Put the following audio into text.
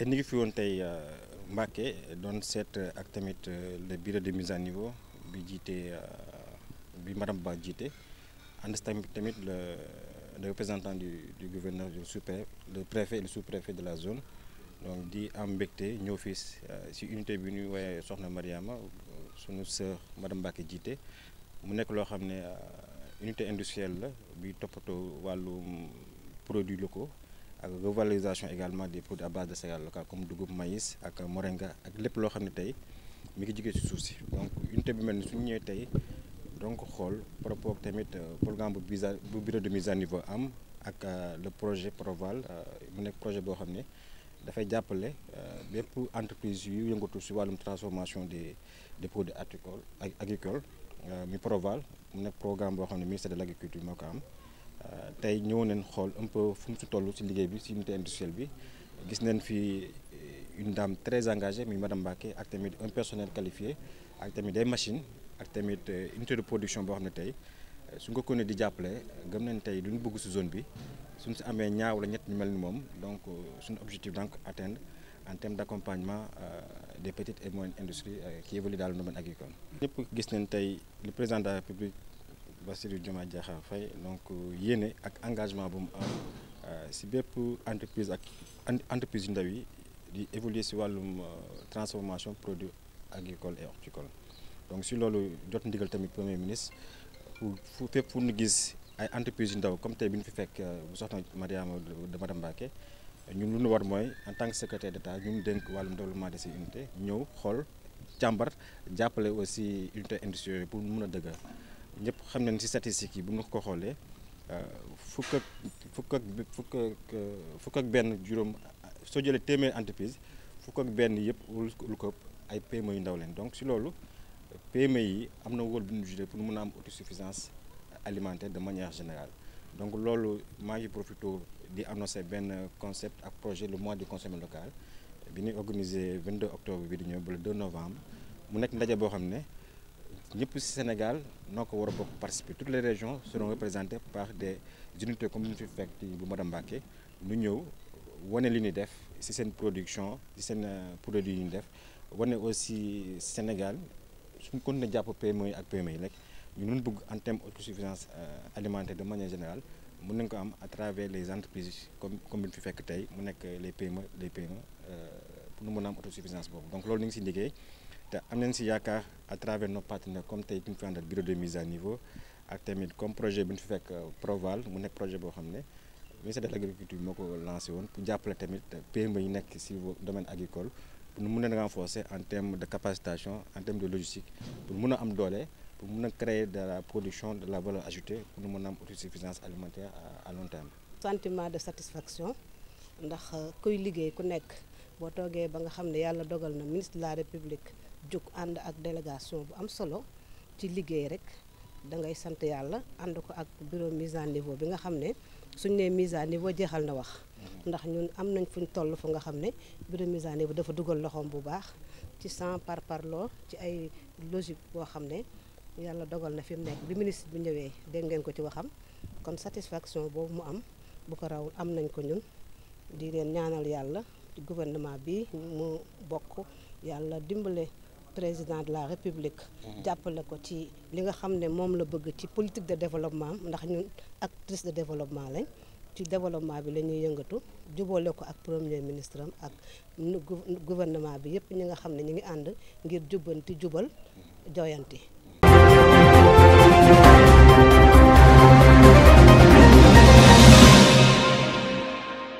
te ni ngi fi woon tey euh, Mbacke doon seet euh, ak tamit euh, le bureau de mise à niveau bi jiite bi madame jiite ànd tamit tamit le le représentant du gouverneur du sous-préfet le préfet de la zone donc di am mbégte ñëw fii si unité bi ñuy woowee Soxna Mariama sunu sœur madame jiite mu nekk loo xam ne unité industrielle la bi toppatoo wàllum produits locaux. ak revalorisation également des produits à base de céréales locales comme dugub maïs ak moringa ak lépp loo xam ne tey mu ngi jugee si suuf si donc unité bi mel ni suñ ñëwee tey donc xool propos tamit euh, programme bu bisa bu bureau de mise à niveau am ak euh, le projet Proval euh, mu nekk projet boo xam ne dafay jàppale lépp entreprise yu yëngatu si wàllum transformation de des produits agricoles agricoles mi Proval mu nekk programme boo xam ne ministère de l' agriculture moo am Euh, tey ñëw nañ xool un peu fu mu si toll si liggéey bi si unité industrielle bi gis nañ fi euh, une dame très engagée muy madame Mbacké ak tamit un personnel qualifié ak tamit des machine ak tamit euh, unité de production boo xam ne tey suñ ko kone di jàppale gëm nañ tey lu ñu bugg si zone bi suñ si amee ñaaw la ñett ñu mel ni moom donc suñu objectif donc atteindre en termes d' accompagnement des petites et moyennes industries qui évoluent dans le domaine agricole. ñëpp gis nañ tey le président Bassirou Diomaye Diakhar fay donc euh, yéene ak engagement bu mu am euh, si bépp entreprise ak entreprise yu ndaw yi di évoluer si wàllum euh, transformation produit agricole et horticole donc si loolu jot ndigal tamit premier ministre fu fépp fu nu gis ay entreprise yu ndaw comme tey bi ñu fi fekk bu soxna Mariama de madame Mbacké ñun lu ñu war mooy en tant que secrétaire d'État ñun dénk wàllum développement de ces unités ñëw xool càmbar jàppale aussi unité industrielle pour mun a dëgër ñëpp xam nañ ci statistiques yi bu nga ko xoolee euh, fukk ak fukk ak fukk ak benn juróom soo jëlee téeméer entreprise fukk ak benn yëpp lu ko ay PME yu ndaw leen donc si loolu PME yi am na wool bu ñu juré pour mën a am autosuffisance alimentaire de manière générale donc loolu maa ngi profité di annoncer benn concept ak projet le mois du consommateur local bi ñuy organiser 22 octobre bi di ñëw ba le 2 novembre mu nekk ndaje boo xam ne yëpp ci Sénégal noo ko war a bokk participer toutes les régions seront représentées par des unités comme ñu fi fekk bu madame Mbacké ñu ñëw wane li ñu def ci seen production seen euh, produit yi ñu def wane aussi Sénégal suñu kon na jàpp PME ak PME yi rek ñu nun bëgg en terme autosuffisance euh, alimentaire de manière générale mën nañ ko am à travers les entreprises comme comme ñu fi fekk tey mu nekk les PME les PME euh, pour nu mën a am autosuffisance boobu donc loolu ñu ngi ci liggéey te am nañ si yaakaar à travers nos partenaires comme tey ñu fi àndal bureau de mise à niveau ak tamit comme projet bi ñu fi fekk euh, Proval mu nekk projet boo xam ne ministère de l' agriculture moo ko lancé woon pour jàppale tamit PME yi nekk si domaine agricole pour mun leen renforcer en terme de capacitation en terme de logistique pour mun a am doole pour mun a créer de la production de la valeur ajoutée pour mun a am autosuffisance alimentaire à long terme. sentiment de satisfaction ndax euh, kuy liggéey ku nekk. boo toogee ba nga xam ne yàlla dogal na ministre la république jóg ànd ak délégation bu am solo ci liggéey rek da ngay sant yàlla ànd ko ak bureau mise à niveau bi nga xam ne suñ nee mise à niveau jeexal na wax mhm. ndax ñun am nañ fu ñu toll fu nga xam ne bureau mise à niveau dafa dugal loxoom bu baax ci sans par parloo ci ay logique boo xam ne yàlla dogal na fi mu nekk bi ministre bi ñëwee dégg ngeen ko ci waxam kon satisfaction boobu mu am bu ko rawul am nañ ko ñun di leen ñaanal yàlla gouvernement bi mu bokk yàlla dimbale président de la république. Mhm. jàppale ko ci li nga xam ne moom la bëgg ci politique de développement ndax ñun actrice de développement lañ ci développement bi la ñuy yëngatu jubóole ko ak premier ministre am ak gouvernement bi yëpp ñi nga xam ne ñu ngi ànd ngir jubbanti jubal mhm. joyanti.